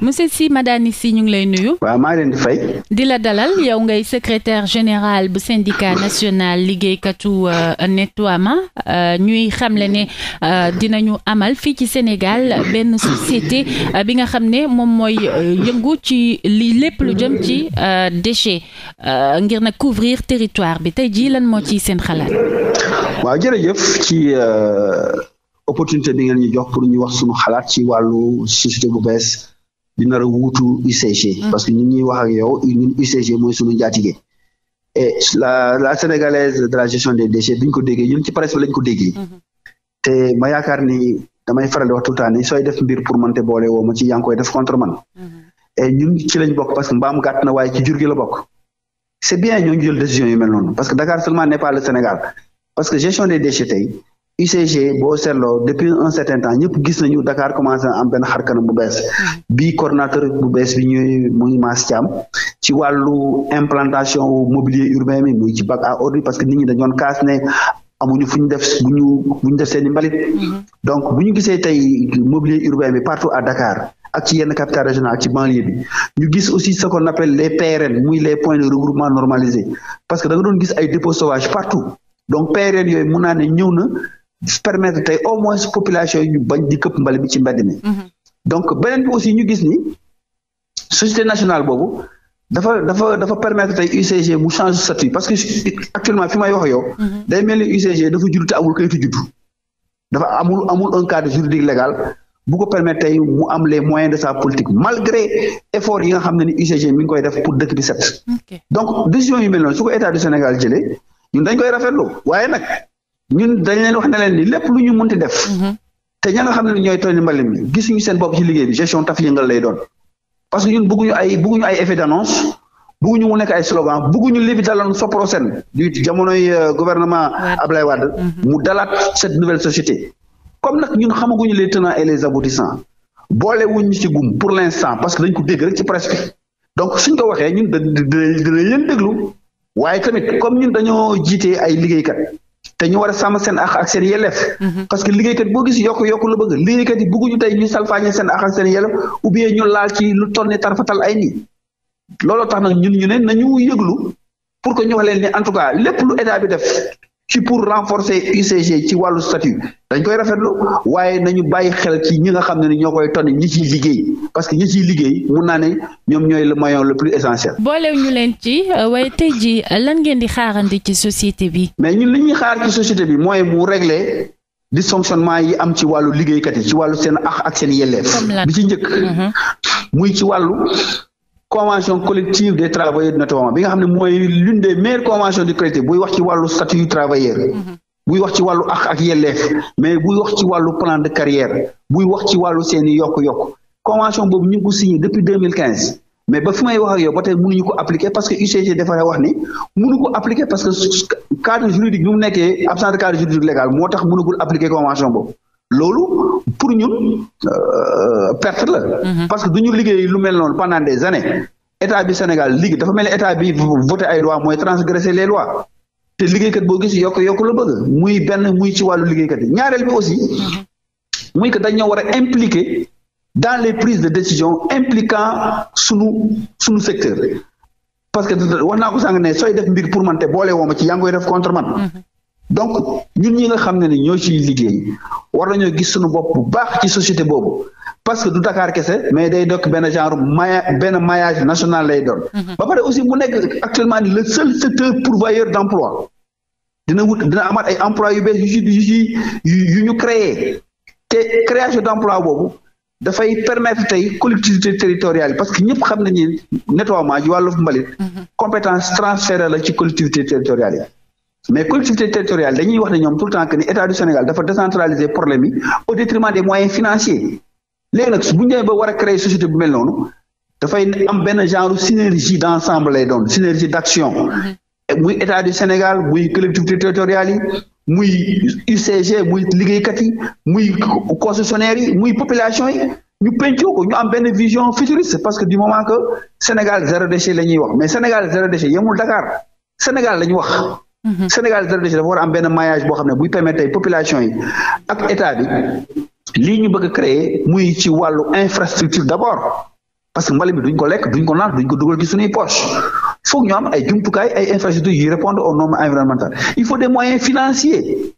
monsieur Sy Madani Sy ñu ngi lay nuyu. waaw maa leen di fay. di la dalal yow ngay secretaire général bu syndicat national liggéeykatu euh, Netoama euh, ñuy xamle ne euh, dinañu amal fii ci Sénégal benn société bi nga xam ne moom mooy yëngu ci li lépp lu jëm ci déchet ngir nag couvrir territoire bi tey jii lan moo ci seen xalaat. waaw jërëjëf ci. opportunité bi ngeen ñu jox pour ñu wax suñu xalaat ci wàllu société bu bees di nar a wuutu UCG. Mm. parce que ñun ñuy wax ak yow ñun UCG mooy sunu njaatige. la sénégalaise de la gestion des déchets bi ñu ko déggee ci presse bi lañ ko mm-hmm. ma yaakaar ni damay faral wax tout le temps def mbir pour man te boole ci yaa def contre man. Mm-hmm. et ñun ci lañ bokk parce que mbaam gàtt na waaye ci jur gi la bokk. c' bien ñoo ñu jël décision yu mel noonu parce que Dakar seulement n' Sénégal parce que gestion des déchets tey UCG boo seetloo depuis un certain temps ñëpp gis nañu Dakar commencé na am benn xarkanam bu bees mm. bi coordonnateur bu bees bi ñuy muy Mass Thiam ci wàllu implantation mobilier urbain bi muy ci bac parce que nit ñi dañoon kaas ne amuñu fu ñu def bu ñu bu ñu def seen i mbalit mm-hmm. donc bu ñu gisee tey mobilier urbain bi partout à Dakar ak ci yenn capitale régionale ak ci banlieue bi ñu gis aussi ce qu'on appelle les PRN muy les points de regroupement normalisés parce que da doon gis ay dépôts sauvages partout donc PRN yooyu mun naa ne ñëw na permettre tey au moins population yi ñu bañ di këpp mbali bi ci mbedd mi. Mhm. donc beneen bi aussi ñu gis ni société nationale boobu dafa dafa dafa permetre tey UCG mu change statut parce que actuellement fi may wax yow. Mhm. day mel ni UCG dafa judd te amul kayitu juddu. dafa amul amul en cadre juridique légal bu ko permettre tey mu am les moyens de sa politique malgré effort yi nga xam ne ni UCG mi ngi koy def pour dëkk bi set. donc décision yu mel noonu su ko état Sénégal jëlee ñun dañ koy rafetlu waaye nag. ñun dañ leen wax ne leen ni lépp lu ñu mënti def. Mhm. te ña xam ne ñooy tonni mbalit mi gisuñu seen bopp ci liggéey bi gestion taf yëngal lay doon parce que ñun bëgguñu ay bëgguñu ay effet d'annonce bëgguñu mu nekk ay slogan bëgguñu li bi daloon Sopro Sen du jamonoy euh, gouvernement Ablaye Wade mhm. mu dalaat cette nouvelle société comme nag ñun xamaguñu les tenants et les aboutissants boole wuñu ci gum pour l'instant parce que dañ ko dégg rek ci presse donc suñ ko waxee ñun dinañ leen déglu waaye comme ñun dañoo jiitee ay liggéeykat te ñu war a seen àq ak seen yelleef. Mhm. parce que liggéeykat boo gis yokk yokk lu bëgg liggéeykat yi bëgguñu ñu salfaañe seen àq ak seen yelleef ou bien ñu laal ci lu toll ni tarfatal ay nii looloo tax nag ñun ñu ne nañu yëglu pour que ñu wax leen ne en tout cas lépp lu état bi def ci pour renforcer UCG ci wàllu statut dañ koy rafetlu waaye nañu bàyyi xel ci ñi nga xam ne ni ñoo koy tonni ñi ciy liggéey parce que ñi ciy liggéey mun naa ne ñoom ñooy le maillon le plus essentiel. boolew ñu leen ci euh, waaye tey jii lan ngeen di xaarandi ci société bi. mais ñun ni ñuy xaar ci société bi mooy mu régler dysfonctionnement yi am ci wàllu liggéeykat yi ci wàllu seen ax ak seen yelleef. bi ci njëkk. Mm-hmm. muy ci wàllu. convention collective des travailleurs notamment bi nga xam ne mooy l'une des meilleures conventions du collectif buy wax ci wàllu statut yu travailleur buy wax ci wàllu ak ak yelleef mais buy wax ci wàllu plan de carrière buy wax ci wàllu seeni yokk-yokk convention boobu ñu ngi depuis deux mille quinze mais ba fi may wax ak yow ba tey mënuñu ko parce que UCG dafa wax ni mënu ko appliquer parce que cadre juridique bi mu nekkee absence de cadre juridique loolu pour ñun euh, perte la. Mhm. parce que du ñu liggéey lu mel noonu pendant des années état bi Sénégal liggéey dafa mel ni état bi voté ay lois mooy transgresser les lois te liggéeykat boo gis yokk yokk la bëgg muy benn muy ci wàllu liggéeykat yi ñaareel bi aussi. Mhm. muy que dañoo war a impliquer dans les prise de décision impliquant sunu sunu secteur parce que wax naa ko ne sooy def mbir pour man te boole woo ma ci yaa ngi contre man. Mhm. donc ñun ñi nga xam ne ni ñoo ciy liggéey war nañoo gis suñu bopp bu baax ci société boobu parce que du Dakar kese mais day dokk benn genre maya benn maillage national lay doon. Mhm. ba pare aussi mu nekk actuellement ni le seul secteur pourvoyeur d' emploi dina wut dina amaat ay emploi yu bees yu yu yu ñu créé te création d' emploi boobu. dafay permettre tey collectivité teritoriale parce que ñëpp xam nañu nettoiement ci wàllu mbalit mhm. compétence transférée la ci collectivité territoriale yi mais collectivité territoriale dañuy wax ne ñoom tout le temps que ni état du Sénégal dafa décentraliser problème yi au détriment des moyens financiers léegi nag bu ñu ba war a créer société bu mel noonu dafay am benn genre synergie d' ensemble lay doon synergie d' action muy état du Sénégal muy collectivité territoriale yi muy UCG muy liggéeykat yi muy concessionnaire yi muy population yi ñu pencoo ko ñu am benn vision futuriste parce que du moment que Sénégal zéro déchet la ñuy wax mais Sénégal zéro déchet yemul Dakar Sénégal la ñu wax Mhm. Sénégal zéro déchet dafa war a benn maillage bo xam ne buy permettre ay population yi ak état bi lii ñu bëgg a créer muy ci wàllu infrastructure d'abord parce que mbalit bi duñ ko lekk duñ ko naan duñ ko dugal ci suñuy poche foog ñu am ay jumtukaay ay infrastructures yuy répondre aux normes environnementales il faut des moyens financiers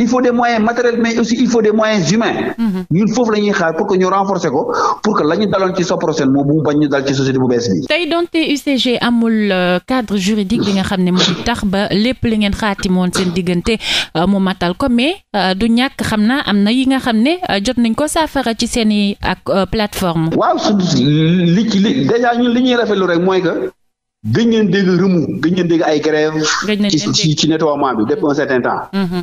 il faut des moyens matériels mais aussi il faut des moyens humains. Mm-hmm. ñun foofu la ñuy xaar pour que ñu renforcer ko pour que la ñu daloon ci soprosen moom bu bañ ñu dal ci société bu bees bi. tey donte UCG amul euh, cadre juridique bi nga xam ne mooy tax ba lépp li ngeen xaatimoon seen diggante euh, mu matal ko mais euh, du ñàkk xam naa am na yi nga xam ne jot nañ ko saafara ci seen i ak plateforme. waaw su li ci li déjà ñun li ñuy rafetlu rek mooy que. gën ngeen dégg remous gëj ngeen ay grève ci ci nettoiement bi depuis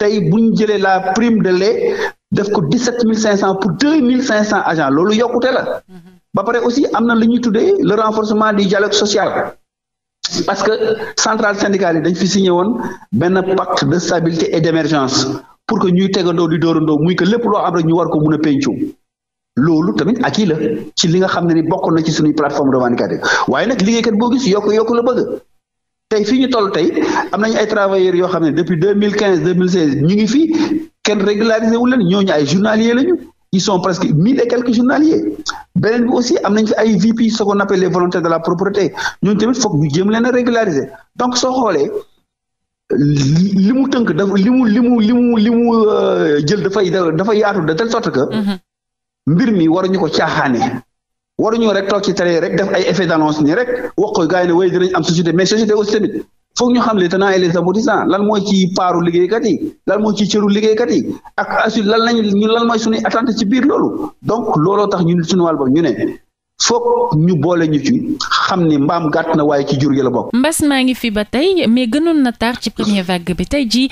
tey bu ñu jëlee la prime de lait def ko dix sept mille cinq cent pour deux mille cinq cent agent loolu yokkute la. ba pare aussi am na lu ñuy tuddee le renforcement di dialogue social. parce que centrale syndicale yi dañ fi signé woon benn pacte de stabilité et d' pour que ñuy tegandoo di dóorandoo muy que lépp loo am rek ñu war ko mun a pencoo loolu tamit ak kii la ci li nga xam ne ni bokk na ci suñuy plateforme revendicative waaye nag liggéeykat boo gis yokk yokk la bëgg tey fii ñu toll tey am nañu ay travailleurs yoo xam ne depuis deux mille quinze deux mille seize ñu ngi fii kenn régularisé wu leen ñooñu ay journaliers lañu ils sont presque mille et quelques journaliers beneen bi aussi am nañ fi ay VP ce qu'on appelle les volontaires de la propreté ñooñu tamit foog ñu jéem leen a régulariser donc soo xoolee li mu tënk dafa li mu li mu li mu li mu euh, jël dafay dafa yaatu de telle sorte que mm-hmm. mbir mi ñu ko caaxaane waruñoo rek toog ci télé rek def ay effet d'annonce ni rek wax ko gars yi ne way dinañ am société mais société aussi tamit foog ñu xam les tenants et les aboutissants lan mooy ci paaru liggéeykat yi lan mooy ci cëru liggéeykat yi ak assu lan lañ ñu lan mooy suñuy attente ci biir loolu donc looloo tax ñu suñu wàll boobu ñu ne foog ñu boole ñu ci xam ni mbaam gàtt na waaye ci jur gi la bokk. mbas maa ngi fi ba tey mais gënoon na taax ci première vague bi tey ji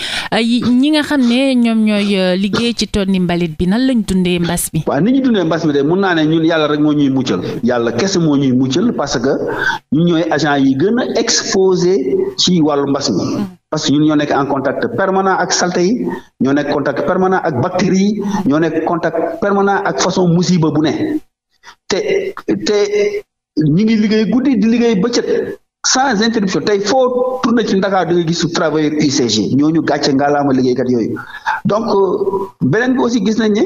ñi nga xam ne ñoom ñooy euh, liggéey ci tonni mbalit bi nan lañ dundee mbas bi. waa ni ñu dundee mbas bi de mun naa ne ñun yàlla rek moo ñuy muccal yàlla kese moo ñuy muccal parce que ñooy agent yi gën a exposé ci wàllu mbas mi. Mm-hmm. parce que ñun ñoo nekk en contact permanent ak salte yi ñoo nekk contact permanent ak bactéries yi ñoo nekk contact permanent ak façon musiba bu ne. te te ñu ngi liggéey guddi di liggéey bëccëg sans interruption tey foo tourné ci Ndakaar da nga gis travailleur UCG ñooñu gàcce ngalaama liggéeykat yooyu donc euh, beneen bi aussi gis nañ ne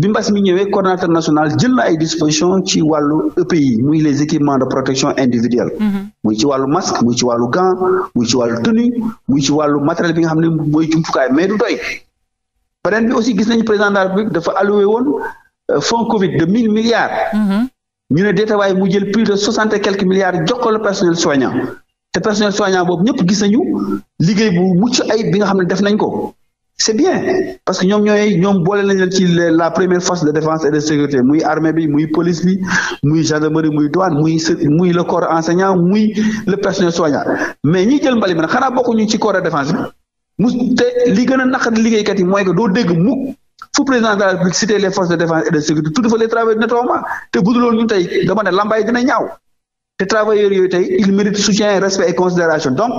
bi mbas mi ñëwee coordonnateur national jël na ay dispositions ci wàllu EPI muy les équipements de protection individuelle mhm. muy ci wàllu masque muy ci wàllu gant muy ci wàllu tenue muy ci wàllu matériel bi nga xam ne mooy jumtukaay mais du doy beneen bi aussi gis nañ président dafa alloué woon Euh, fonds Covid de mille milliards. Mm-hmm. ñu ne déeta mu jël plus de soixante et quelques milliards jox ko personnel soignant te personnel soignant boobu ñëpp gis nañu liggéey bu mucc ay bi nga xam ne def nañ ko. c' est bien parce que ñoom ñooy ñoom boole nañ leen la première force de défense et de sécurité muy armée bi muy police bi muy gendarmerie muy douane muy muy le corps enseignant muy le personnel soignant mais ñi jël mbali mi nag xanaa bokkuñu ci corps de défense bi mu liggéeykat yi mooy que doo dégg mukk fu président de la République cité les forces de défense et de sécurité tout dafa les travailleurs nettoiement te bu dul ñun tey dama ne lambaay dina ñaaw te travailleurs yooyu tey ils méritent soutien respect et considération donc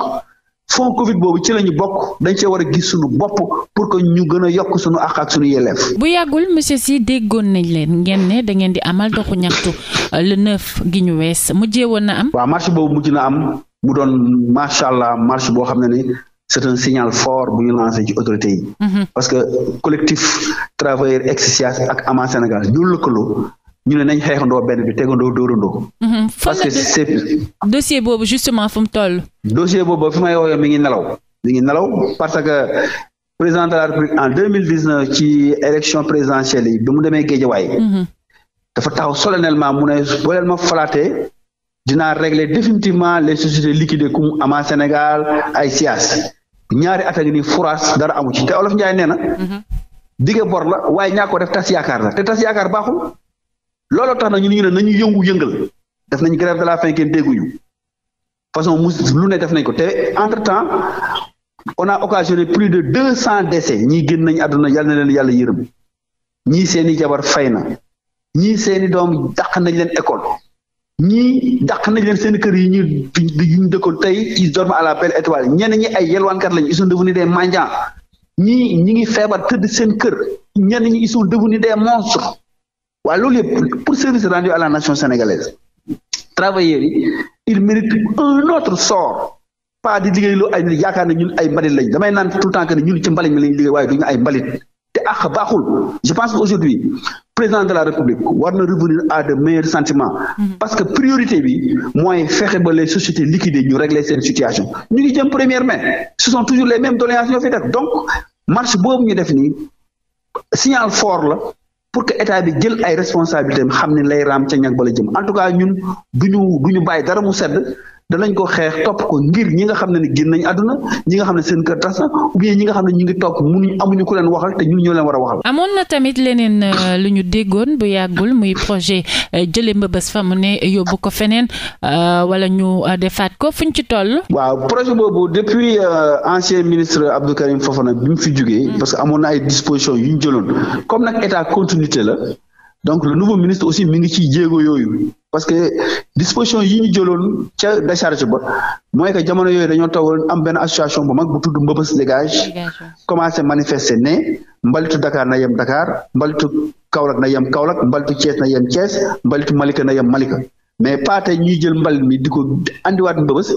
fonds Covid boobu ci la ñu bokk dañ cee war a gis suñu bopp pour que ñu gën a yokk sunu àq ak suñu yelleef. bu yàggul monsieur Sy déggoon nañ leen ngeen ne da ngeen di amal doxu ñaxtu euh, le neuf gi ñu wees mujjee woon na am. waaw marche boobu mujj am mu doon macha allah marche boo xam ne ni c'est un signal fort bu ñu lancé ci autorités yi. Mm-hmm. parce que collectif travailleurs ex-SIAS ak Ama Sénégal ñu lëkkaloo ñu ne nañ xeexandoo benn bi tegandoo dóorandoo. Mm-hmm. parce que c'est dossier boobu justement fu mu toll. dossier boobu fi may waxee mi ngi nelaw. mi ngi nelaw parce que président de la République en deux mille dix-neuf ci élection présidentielle yi bi mu demee Guédiawaye. Mm-hmm. dafa taxaw solennellement mu ne boo ma falaatee dinaa régler définitivement ñaari at a ngi dara amu ci te olof Njaay nee na. Mhm. dige bor la waaye ñaa ko def tas yaakaar la te tas yaakaar baaxul. looloo tax na ñu ne nañu yëngu yëngal def nañ grève de la faim kenn dégguñu façon mu lu ne def nañ ko te entre temps on a occasionné plus de deux cent décès ñii génn nañ àdduna yal na leen yàlla yërëm ñii seeni jabar fay na ñii seeni doom dàq nañ leen école. ñii dàq nañ leen seen kër yi ñu ñu dëkkoon tey ils dorment à la belle étoile ñenn ñi ay yelwaankat lañ ils sont devenus des mendiants ñii ñi ngi feebar tëdd seen kër ñenn ñi ils sont devenus des monstres waaye loolu yëpp pour service rendu à la nation sénégalaise travailleurs yi ils méritent un autre sort pas di liggéey loo ay yaakaar ne ñun ay mbalit lañ damay naan tout le temps que ñun ci mbalit mi lañ liggéey waaye duñu ay mbalit te àq baaxul je pense que aujourd'hui président de la république war na revenir à de meilleurs sentiments mhm. parce que priorité bi mooy fexe ba les sociétés liquidées ñu régler seen situation ñu ngi jëm première mai ce sont toujours les mêmes doléances ñoo fi def donc marche boobu ñu def nii signal fort la pour que état bi jël ay responsabilités xam ni lay raam ca ñag ba la jëm en tout cas ñun du ñu du ñu bàyyi dara mu sedd danañ ko xeex topp ko ngir ñi nga xam ne ne génn nañ àdduna ñi nga xam ne seen kër tas na ou ñi nga xam ne ñu ngi topp mënuñ amuñu ku leen waxal te ñun ñoo leen war a waxal. amoon na tamit leneen euh, lu ñu déggoon bu yàggul muy projet euh, jëlee mbëbës fa mu ne yóbbu ko feneen euh, wala ñu defaat ko ñu ci toll. waaw projet boobu depuis ancien ministre Abdou Karim Fofana bi mu fi jugee mm. parce que amoon na ay dispositions yu ñu jëloon comme nag état continuité la. donc le nouveau ministre aussi mi ngi ciy jéego yooyu parce que disposition yi ñu jëloon ca décharge ba mooy que jamono yooyu dañoo tawoon am benn association bu mag bu tudd Mbëbës dégage commencé manifeste ne mbalitu Dakar na yem Dakar mbalitu Kaolack na yem Kaolack mbalitu Thiès na yem Thiès mbalitu Malika na yem Malika mais pas tey ñuy jël mbalit mi di ko andiwaat Mbëbës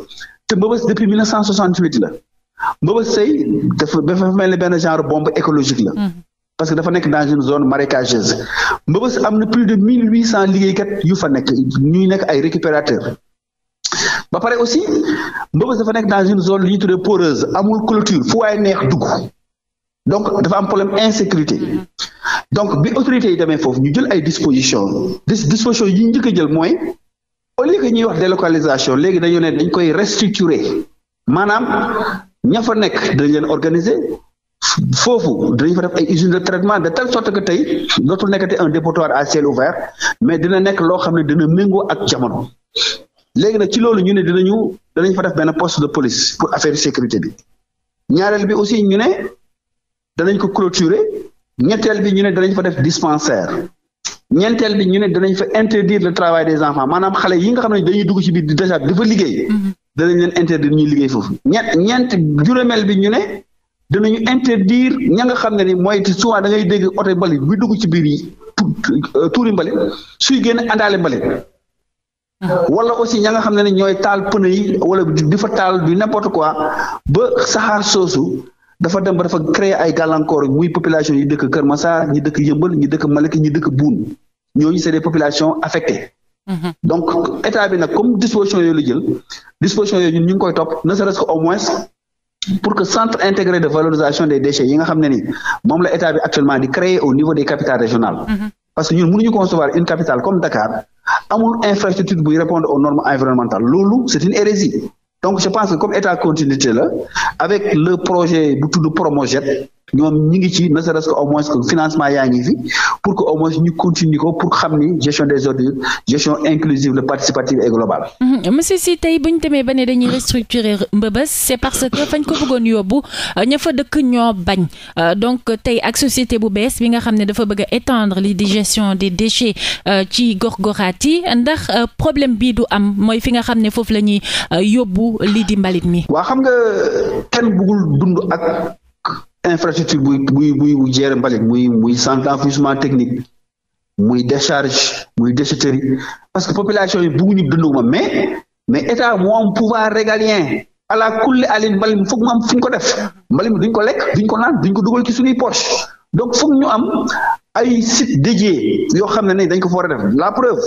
te Mbëbës depuis 1968 la Mbëbës sey la dafa mel ni benn genre bomb écologique la. Mm-hmm. parce que dafa nekk dans une zone marécageuse Mbeubeuss am na plus de mille huit cent liggéeykat yu fa nekk ñuy nekk ay récupérateur ba pare aussi Mbeubeuss dafa nekk dans une zone li ñuy tuddee poreuse amul clôture fu ay neex dugg donc dafa am problème insécurité donc bi autorités yi demee foofu ñu jël ay dispositions dis dispositions yi ñu njëkk a jël mooy o lieu que ñuy wax délocalisation léegi dañoo ne dañ koy restructurer maanaam ña fa nekk dañ leen organiser. foofu dañu fa def ay usines de traitement de telle sorte que tey dootul nekkati un dépotoir à ciel ouvert mais dina nekk loo xam ne dina méngoo ak jamono léegi na ci loolu ñu ne dinañu danañ fa def benn poste de police pour affaire sécurité bi ñaareel bi aussi ñu ne danañ ko clôturer ñetteel bi ñu ne danañ fa def dispensaire ñeenteel bi ñu ne danañ fa interdire le travail des enfants maanaam xale yi nga xam ne dañuy dugg ci biir déjà dafa liggéey. Mhm. danañ leen interdire ñuy liggéey foofu. ñett ñeent juróomeel bi ñu ne dinañu interdire ña nga xam ne ni mooy souvent da ngay dégg oto mbalit buy dugg ci biir yi euh, tuuri mbalit suy génn àndaale mbalit ah. wala aussi ña nga xam ne ni ñooy taal pneu yi wala di fa taal du n'importe quoi ba saxaar soosu dafa dem ba dafa créer ay gàllankoor muy population yi dëkk Kër Massar ñi dëkk Yëmbal ñi dëkk Malika ñi dëkk Buun ñooñu c'est des populations affectées mm-hmm. donc état bi nag comme disposition yooyu la jël disposition yooyu ñun ñu ngi koy topp n serait au moins pour que centre intégré de valorisation des déchets yi nga xam ne ni moom la état bi actuellement di créer au niveau des capitales régionales mm-hmm. parce que ñun mënuñu concevoir une capitale comme Dakar amul infrastructure buy répondre aux normes environnementales loolu c'est une hérésie donc je pense que comme état continuité la avec le projet bu tudd Promojet ñoom ñi ngi ci ne serait-ce que au moins que financement yaa ngi fi pour que au moins ñu continuer ko pour xam ni gestion des ordures gestion inclusive la participative et globale. Mmh. monsieur Sy tey bu ñu demee ba ne dañuy restructurer Mbëbës c'est parce que fañ ko bëggoon yóbbu ña fa dëkk ñoo bañ euh, donc tey ak société bu bees bi nga xam ne dafa bëgg a étendre li di gestion des déchets euh, ci gox-goxaat yi ndax euh, problème bii du am mooy fi nga xam ne foofu la ñuy yóbbu li di mi. waa xam nga kenn bëggul dund infrastructure buy buy buy buy gérer muy muy centre technique muy décharge muy déchetterie parce que population yi bëgguñu dund ma mais mais état moo am pouvoir régalien ala kulli alin mbalit mi foog mu ko def mbalit mi duñ ko lekk duñ ko naan duñ ko dugal ci suñuy poche donc foog ñu am ay site dédié yoo xam ne ne dañ ko fa war la preuve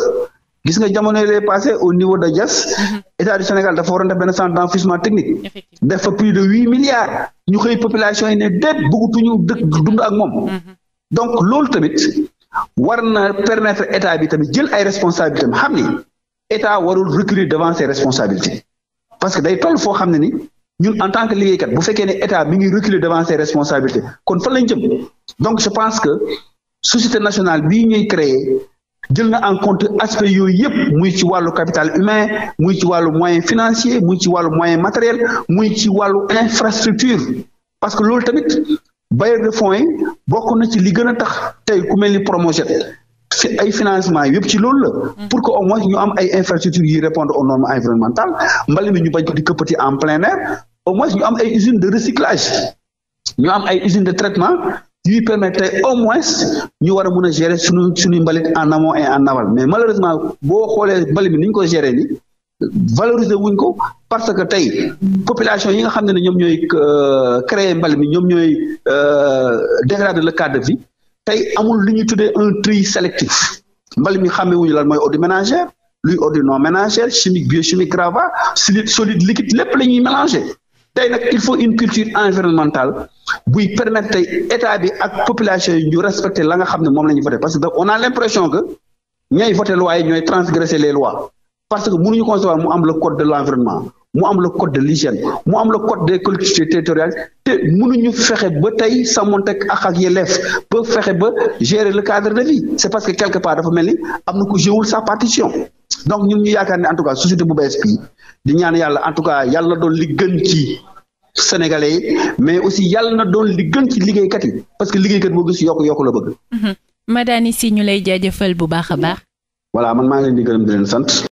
gis nga jamono yi lay passé au niveau de Diass mhm. état du Sénégal dafa waroon def benn centre d'enfouissement technique def fa plus de huit milliards ñu xëy population yi ne déet bëggatuñu dëkk dund ak moom mhm. donc loolu tamit war na permetre état bi tamit jël ay responsabilités am xam ni état warul reculer devant ses responsabilités parce que day toll foo xam ne ni ñun en tant que liggéeykat bu fekkee ne état mi ngi reculer devant ses responsabilités kon fan lañ jëm donc je pense que société nationale bii ñuy créer jël na en compte aspect yooyu yëpp muy ci wàllu capital humain muy ci wàllu moyen financier muy ci wàllu moyen matériel muy ci wàllu infrastructure parce que loolu tamit bailleur de fonds yi bokk na ci li gën a tax tey ku mel ni Promojet ci ay financement yëpp ci loolu la mm. pour que au moins ñu am ay infrastructures yi répondre aux normes environnementales mbali mi ñu bañ ko di këppati en plein air au mois ñu am ay usines de recyclage ñu am ay usines de traitement yuy permettre tey au moins ñu war a mun a gérer suñu suñu mbalit en amont en aval mais malheureusement boo xoolee mbalit bi ni ñu ko gérer ni valoriser wuñ ko parce que tey population yi nga xam ne ñoom ñooy euh, créer mbalit mi ñoom ñooy euh, dégrader le cadre de tey amul lu ñuy tuddee un tri sélectif mbalit mi xàmme wuñu lan mooy ordures ménagères luy ordures non ménagères chimique biochimique gravat solide solide liquide lépp la ñuy mélanger tey nag il faut une culture environnementale buy permettre état bi ak population yi ñu respecter la nga xam ne moom la ñu voté parce que on a l' impression que ñooy loi yi ñooy transgresser les lois parce que mënuñu concevoir mu am la code de l' environnement mu am le code de l'hygiène mu am le code des collectivités territoriales te mënuñu fexe ba tey sàmmonteeg ak ak yelleef ba fexe ba gérer le cadre de vie c' est parce que quelque part dafa mel ni am na donc ñun ñu yaakaar ne en tout cas société bu bees bi di ñaan yàlla en tout cas yàlla doon li ci sénégalais yi mais aussi yàlla na doon li gën ci liggéeykat yi parce que liggéeykat boo gis yokku yokku la bëgg. Mm-hmm. Madani Sy ñu lay jaajëfal bu baax a baax. voilà man maa ngi leen di leen sant.